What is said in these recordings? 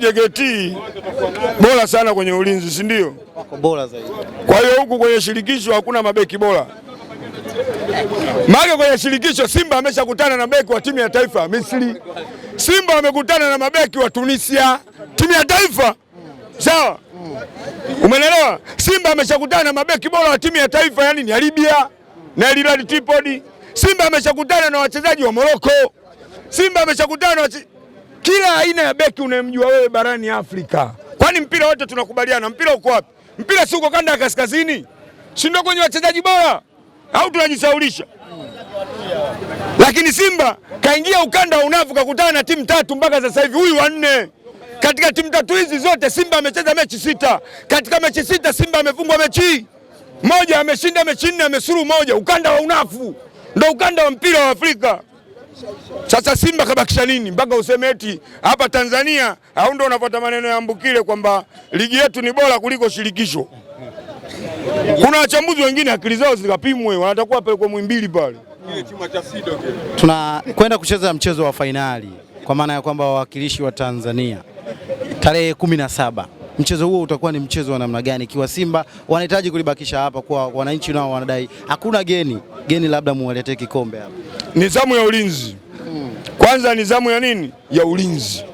JKT bora sana kwenye ulinzi, si ndio? Bora zaidi. Kwa hiyo huku kwenye shirikisho hakuna mabeki bora, maana kwenye shirikisho Simba ameshakutana na beki wa timu ya taifa ya Misri, Simba amekutana na mabeki wa Tunisia, timu ya taifa sawa. Umenelewa? Simba ameshakutana na mabeki bora wa timu ya taifa yani ni Libya na Al Tripoli. Simba ameshakutana na wachezaji wa Moroko. Simba ameshakutana na kila aina ya beki unayemjua wewe barani Afrika. Kwani mpira wote tunakubaliana, mpira uko wapi? Mpira si uko kanda ya kaskazini, si ndio kwenye wachezaji bora, au tunajisaulisha? Lakini Simba kaingia ukanda wa unafu, kakutana na timu tatu mpaka sasa hivi, huyu wanne katika timu tatu hizi zote Simba amecheza mechi sita. Katika mechi sita Simba amefungwa mechi moja, ameshinda mechi nne, amesuru moja. Ukanda wa unafu ndo ukanda wa mpira wa Afrika. Sasa Simba kabakisha nini mpaka useme eti hapa Tanzania? Au ndio unapata maneno ya Mbukile kwamba ligi yetu ni bora kuliko shirikisho? Kuna wachambuzi wengine akili zao zikapimwe, wanatakuwa kwa Mwimbili pale. tuna kwenda kucheza mchezo wa fainali kwa maana ya kwamba wawakilishi wa Tanzania tarehe kumi na saba mchezo huo utakuwa ni mchezo wa namna gani, ikiwa Simba wanahitaji kulibakisha hapa kwa wananchi, nao wanadai hakuna geni geni, labda muwaletee kikombe hapa. zamu ya ulinzi kwanza Kwanza zamu ya nini ya ulinzi,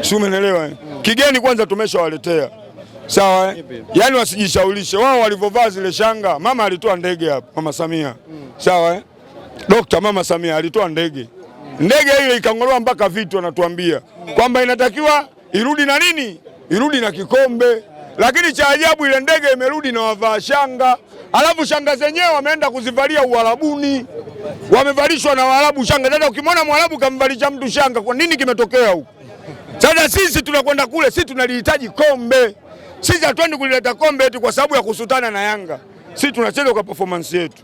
si umeelewa eh? Mm. Kigeni kwanza tumeshawaletea sawa eh? Yaani wasijishaulishe wao walivyovaa zile shanga. Mama alitoa ndege hapa, mama Samia mm. sawa eh? Dokta mama Samia alitoa ndege mm. ndege ile ikang'olewa mpaka vitu, anatuambia kwamba inatakiwa irudi na nini irudi na kikombe. Lakini cha ajabu, ile ndege imerudi na wavaa shanga, alafu shanga zenyewe wameenda kuzivalia Uarabuni, wamevalishwa na Waarabu shanga. Dada, ukimwona Mwarabu kamvalisha mtu shanga, kwa nini kimetokea huko? Sasa sisi tunakwenda kule, sisi tunalihitaji kombe. Sisi hatuendi kulileta kombe eti kwa sababu ya kusutana na Yanga. Sisi tunacheza kwa performance yetu,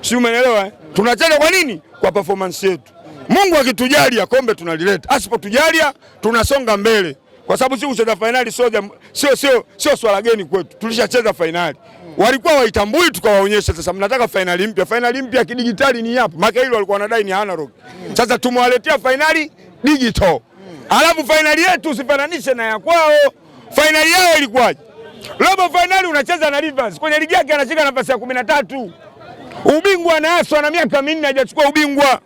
si umeelewa eh? Tunacheza kwa nini? Kwa performance yetu. Mungu akitujalia kombe tunalileta, asipotujalia tunasonga mbele kwa sababu sisi kucheza fainali sio sio sio sio swala geni kwetu, tulishacheza fainali walikuwa waitambui, tukawaonyesha. Sasa mnataka fainali mpya? Fainali mpya kidigitali ni hapa maka, hilo walikuwa wanadai ni analog. Sasa tumewaletea fainali digital, alafu fainali yetu usifananishe na ya kwao. Fainali yao ilikuwaje? Robo fainali unacheza na Rivers kwenye ligi yake anashika nafasi ya kumi na tatu, ubingwa anaaswa na miaka minne hajachukua ubingwa,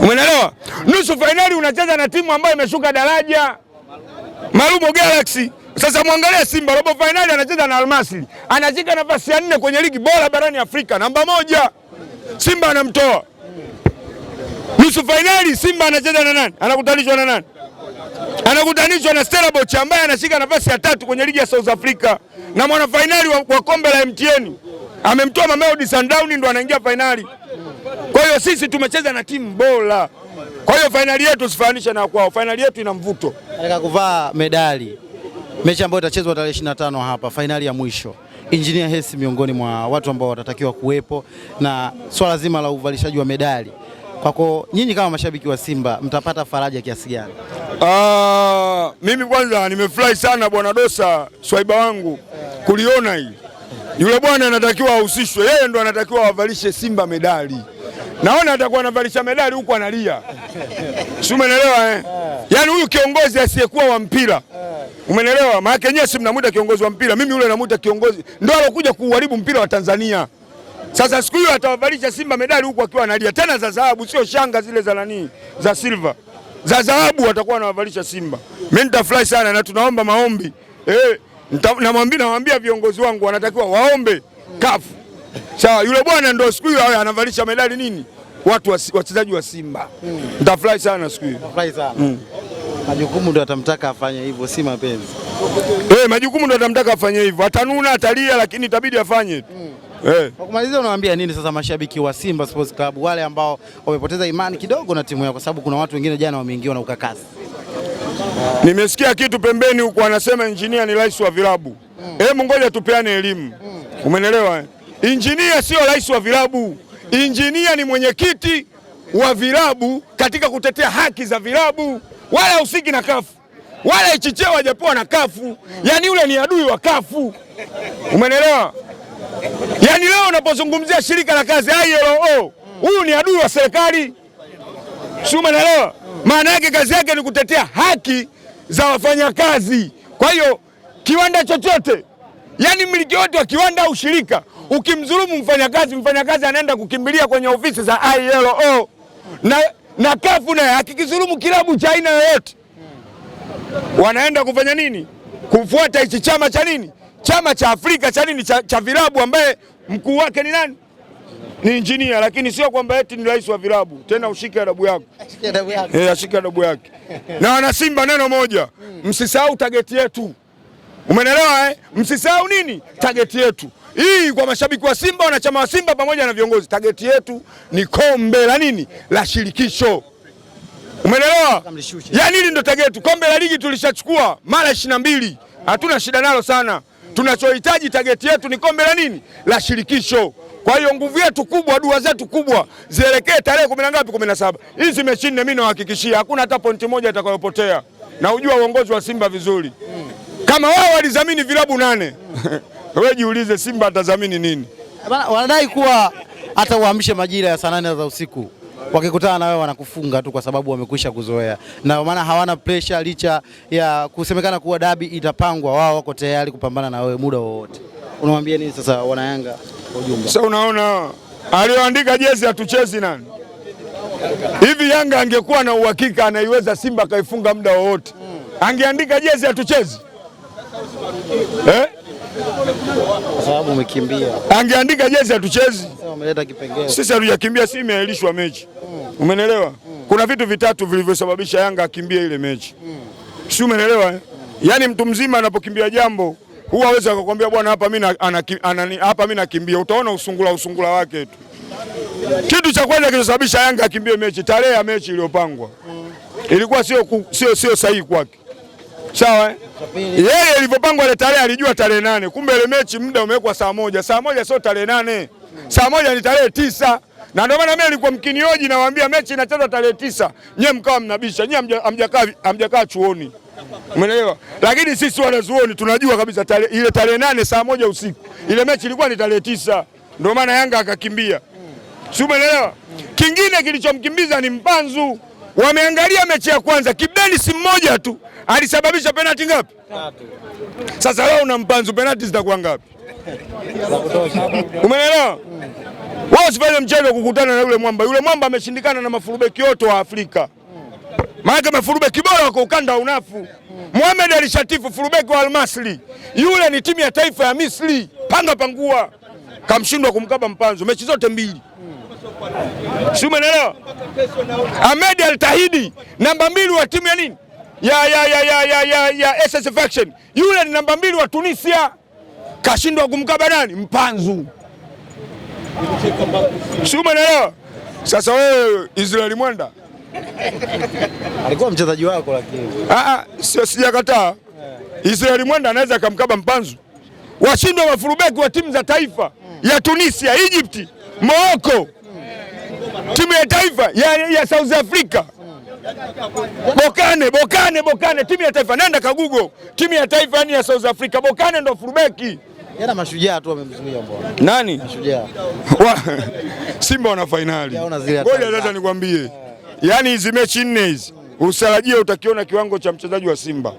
umenelewa? Nusu fainali unacheza na timu ambayo imeshuka daraja Marumo Galaxy. Sasa mwangalia Simba robo fainali anacheza na Almasri, anashika nafasi ya nne kwenye ligi bora barani Afrika, namba moja. Simba anamtoa nusu fainali. Simba anacheza na nani? Anakutanishwa na nani? Anakutanishwa na Stellenbosch ambaye anashika nafasi ya tatu kwenye ligi ya South Africa na mwana finali wa, wa kombe la MTN amemtoa Mamelodi Sundowns, ndo anaingia fainali. Kwa hiyo sisi tumecheza na timu bora. Kwa hiyo fainali yetu usifananishe na kwao, fainali yetu ina mvuto. Nataka kuvaa medali. Mechi ambayo itachezwa tarehe 25 hapa, fainali ya mwisho. Injinia Hersi miongoni mwa watu ambao watatakiwa kuwepo na swala zima la uvalishaji wa medali. Kwako nyinyi kama mashabiki wa Simba mtapata faraja kiasi gani? Uh, mimi kwanza nimefurahi sana bwana Dosa swaiba wangu kuliona hii. Yule bwana anatakiwa ahusishwe, yeye ndo anatakiwa awavalishe Simba medali naona atakuwa anavalisha medali huku analia, si umenelewa eh? eh? Yaani huyu kiongozi asiyekuwa wa mpira eh. umenelewa, maana yake si mnamuita kiongozi wa mpira, mimi yule namuita kiongozi, ndio alokuja kuharibu mpira wa Tanzania. Sasa siku hiyo atawavalisha Simba medali huku akiwa analia tena za dhahabu, sio shanga zile za nani za silver, za dhahabu atakuwa anawavalisha Simba. Mimi nitafurahi sana na tunaomba maombi eh, namwambia viongozi wangu wanatakiwa waombe kafu Sawa, yule bwana ndio siku hiyo anavalisha medali nini watu wachezaji wa Simba. Hmm. Nitafurahi mm. sana siku hiyo. Nitafurahi sana. Mm. Majukumu ndio atamtaka afanye hivyo, si mapenzi. Eh, majukumu ndio atamtaka afanye hivyo, atanuna, atalia, lakini itabidi afanye tu. Mm. Eh. Kwa kumaliza, unawaambia nini sasa mashabiki wa Simba Sports Club wale ambao wamepoteza imani kidogo na timu yao, kwa sababu kuna watu wengine jana wameingiwa na ukakasi? Nimesikia kitu pembeni huko anasema injinia ni rais wa vilabu. Mm. Eh, ngoja tupeane elimu. Mm. Umenelewa eh? Injinia sio rais wa vilabu, injinia ni mwenyekiti wa vilabu katika kutetea haki za vilabu, wala usiki na kafu wala ichicheo hajapewa na kafu. Yaani yule ni adui wa kafu, umenelewa? Yaani leo unapozungumzia shirika la kazi ILO, huyu ni adui wa serikali, si umenelewa? Maana yake kazi yake ni kutetea haki za wafanyakazi. Kwa hiyo kiwanda chochote Yaani mmiliki wote wa kiwanda au shirika ukimdhulumu mfanyakazi, mfanyakazi anaenda kukimbilia kwenye ofisi za ILO na, na kafu naye akikidhulumu kilabu cha aina yoyote wanaenda kufanya nini? Kufuata hichi chama cha nini, chama cha Afrika cha nini, cha, cha vilabu ambaye mkuu wake ni nani? Ni injinia, lakini sio kwamba eti ni rais wa vilabu. Tena ushike adabu yako, ashike adabu eh, yake. Na wana Simba neno moja, hmm. msisahau tageti yetu. Umenelewa eh? Msisahau nini target yetu hii kwa mashabiki wa Simba, wanachama wa Simba pamoja na viongozi, target yetu ni kombe la nini la shirikisho. Umenelewa? yani hili ndo target yetu. Kombe la ligi tulishachukua mara ishirini na mbili, hatuna shida nalo sana. Tunachohitaji target yetu ni kombe la nini la shirikisho. Kwa hiyo nguvu yetu kubwa, dua zetu kubwa zielekee tarehe kumi na ngapi? kumi na saba. Hizi mechi nne mimi nawahakikishia hakuna hata pointi moja itakayopotea. Na ujua uongozi wa Simba vizuri hmm. Kama wao walizamini vilabu nane wewe jiulize, Simba atazamini nini? wanadai kuwa hata uamshe majira ya saa nane za usiku wakikutana na wewe wanakufunga tu, kwa sababu wamekwisha kuzoea, na maana hawana pressure, licha ya kusemekana kuwa dabi itapangwa, wao wako tayari kupambana na wewe muda wowote. Unawambia nini sasa wanayanga kwa ujumla? Sasa unaona aliyoandika jezi hatuchezi nani hivi. Yanga angekuwa na uhakika anaiweza Simba akaifunga muda wowote, angeandika jezi hatuchezi eh? sababu umekimbia. Angeandika jezi hatuchezi. Sisi hatujakimbia, si imeahirishwa mechi mm. Umenelewa mm. Kuna vitu vitatu vilivyosababisha Yanga akimbie ile mechi mm. Si umenelewa eh? mm. Yaani mtu mzima anapokimbia jambo huwa aweza akakwambia bwana, hapa mimi hapa mimi nakimbia, utaona usungula usungula wake tu. Kitu cha kwanza kilichosababisha Yanga akimbie mechi, tarehe ya mechi iliyopangwa mm. ilikuwa sio sio sahihi kwake Sawa, eh? yeye ilivyopangwa ile tarehe alijua tarehe nane, kumbe ile mechi muda umewekwa saa moja. Saa moja sio tarehe nane, saa moja ni tarehe tisa na ndio maana mimi nilikuwa mkinioji nawaambia mechi inachezwa tarehe tisa, nyie mkawa mnabisha, nyie hamjakaa hamjakaa chuoni, umeelewa? Lakini sisi wanazuoni tunajua kabisa ile tarehe nane saa moja usiku ile mechi ilikuwa ni tarehe tisa, ndio maana Yanga akakimbia, si umeelewa? Kingine kilichomkimbiza ni Mpanzu wameangalia mechi ya kwanza, Kibdeni si mmoja tu alisababisha penati ngapi? Tatu. Sasa wewe una mpanzu, penati zitakuwa ngapi? Umeelewa? Wewe usifanye mchezo kukutana na yule mwamba. Yule mwamba ameshindikana na mafurubeki yote wa Afrika, maanake mafurubeki bora wako ukanda unafu. Mohamed alishatifu furubeki wa Almasri, yule ni timu ya taifa ya Misri, panga pangua, kamshindwa kumkaba mpanzu mechi zote mbili si umeelewa? Ahmed altahidi namba mbili wa timu ya nini ya, ya, ya, ya, ya, ya, ya SS Faction. Yule ni namba mbili wa Tunisia, kashindwa kumkaba nani mpanzu, si umeelewa? Sasa wewe Israeli Mwenda alikuwa mchezaji wako, lakini ah, ah, sio, sijakataa. Israeli Mwenda anaweza akamkaba mpanzu, washindwa wafurubeki wa timu za taifa ya Tunisia, Egypt, Morocco ya taifa ya, ya South Africa Bokane, Bokane, Bokane, timu ya taifa. Nenda kagugo timu ya taifa yani ya South Africa. Bokane ndo fullback. Yana mashujaa tu wamemzuia mbona. Nani? Mashujaa. Simba wana finali. Ngoja sasa nikwambie, yaani hizi mechi nne hizi usarajie utakiona kiwango cha mchezaji wa Simba.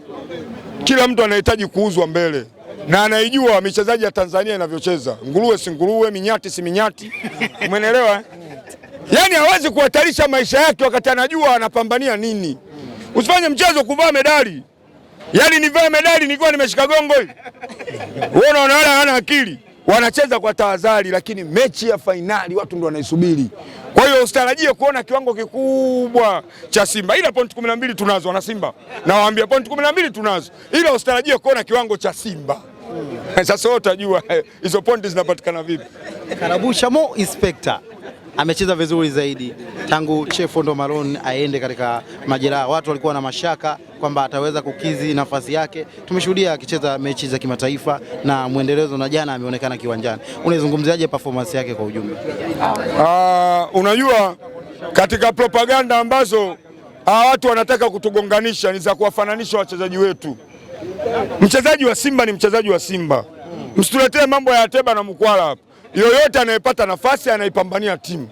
Kila mtu anahitaji kuuzwa mbele na anaijua michezaji ya Tanzania inavyocheza. Nguruwe si nguruwe, minyati si minyati, umeelewa? Eh? yaani hawezi kuhatarisha maisha yake wakati anajua anapambania nini. Usifanye mchezo kuvaa medali, yaani nivaa medali nikiwa nimeshika gongo hivi. Unaona wale hawana akili, wanacheza kwa tahadhari, lakini mechi ya fainali watu ndio wanaisubiri. Kwa hiyo usitarajie kuona kiwango kikubwa cha Simba, ila pointi kumi na mbili tunazo na Simba, nawaambia pointi kumi na mbili tunazo, ila usitarajie kuona kiwango cha Simba. Sasa utajua hizo pointi zinapatikana vipi. Karabusha mo inspector amecheza vizuri zaidi tangu Chefondo maron aende katika majeraha. Watu walikuwa na mashaka kwamba ataweza kukizi nafasi yake. Tumeshuhudia akicheza mechi za kimataifa na mwendelezo, na jana ameonekana kiwanjani. Unaizungumziaje performance yake kwa ujumla? Uh, unajua katika propaganda ambazo ah, watu wanataka kutugonganisha ni za kuwafananisha wachezaji wetu. Mchezaji wa Simba ni mchezaji wa Simba, msituletee mambo ya Ateba na Mkwala hapa yoyote anayepata nafasi anaipambania timu.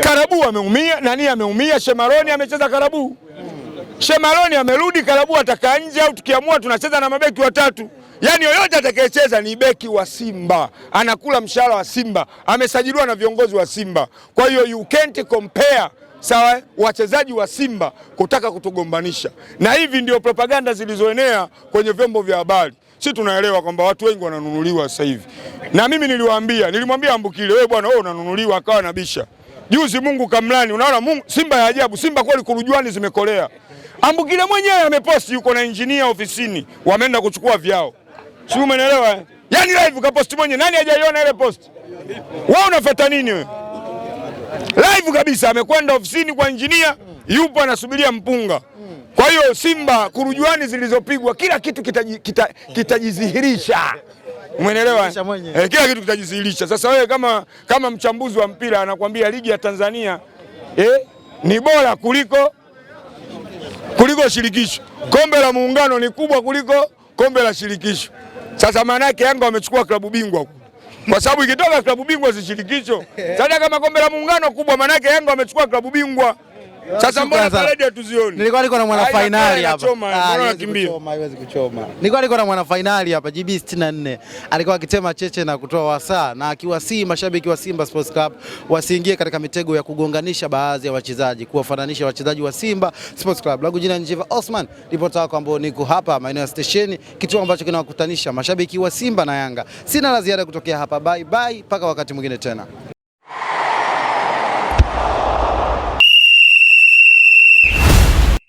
Karabu ameumia, nani ameumia? Shemaroni amecheza Karabu, Shemaroni amerudi Karabu, atakaa nje au tukiamua tunacheza na mabeki watatu. Yaani yoyote atakayecheza ni beki wa Simba, anakula mshahara wa Simba, amesajiliwa na viongozi wa Simba. Kwa hiyo you can't compare sawa, wachezaji wa Simba kutaka kutugombanisha, na hivi ndio propaganda zilizoenea kwenye vyombo vya habari. Si tunaelewa kwamba watu wengi wananunuliwa sasa hivi na mimi niliwaambia, nilimwambia Ambukile, wewe bwana, wewe unanunuliwa akawa nabisha juzi. Mungu kamlani, unaona Mungu, Simba ya ajabu. Simba kweli kurujuani zimekolea. Ambukile mwenyewe ameposti, yuko na injinia ofisini, wameenda kuchukua vyao, si umeelewa? Eh? Yani live kaposti mwenyewe, nani hajaiona ile posti? Wewe unafuata nini wewe? Live kabisa amekwenda ofisini kwa injinia, yupo anasubiria mpunga. Kwa hiyo Simba kurujuani zilizopigwa, kila kitu kitajidhihirisha kita, kita Umeelewa? E, kila kitu kitajisilisha. Sasa wewe kama, kama mchambuzi wa mpira anakuambia ligi ya Tanzania eh, ni bora kuliko kuliko shirikisho. Kombe la Muungano ni kubwa kuliko kombe la shirikisho. Sasa maana yake Yanga wamechukua klabu bingwa huko, kwa sababu ikitoka klabu bingwa si shirikisho. Sasa kama kombe la Muungano kubwa, maana yake Yanga wamechukua klabu bingwa. Sasa mbona parade hatuzioni? Nilikuwa niko na mwana finali hapa. Haiwezi ah, kuchoma. Nilikuwa niko na mwana finali hapa GB 64. Alikuwa akitema cheche na kutoa wasaa na akiwasi mashabiki wa Simba Sports Club wasiingie katika mitego ya kugonganisha baadhi ya wachezaji, kuwafananisha wachezaji wa Simba Sports Club. Langu jina Njeva Osman, ripota wako ambao niko hapa maeneo ya stesheni, kituo ambacho kinawakutanisha mashabiki wa Simba na Yanga. Sina la ziada kutokea hapa. Bye bye, mpaka wakati mwingine tena.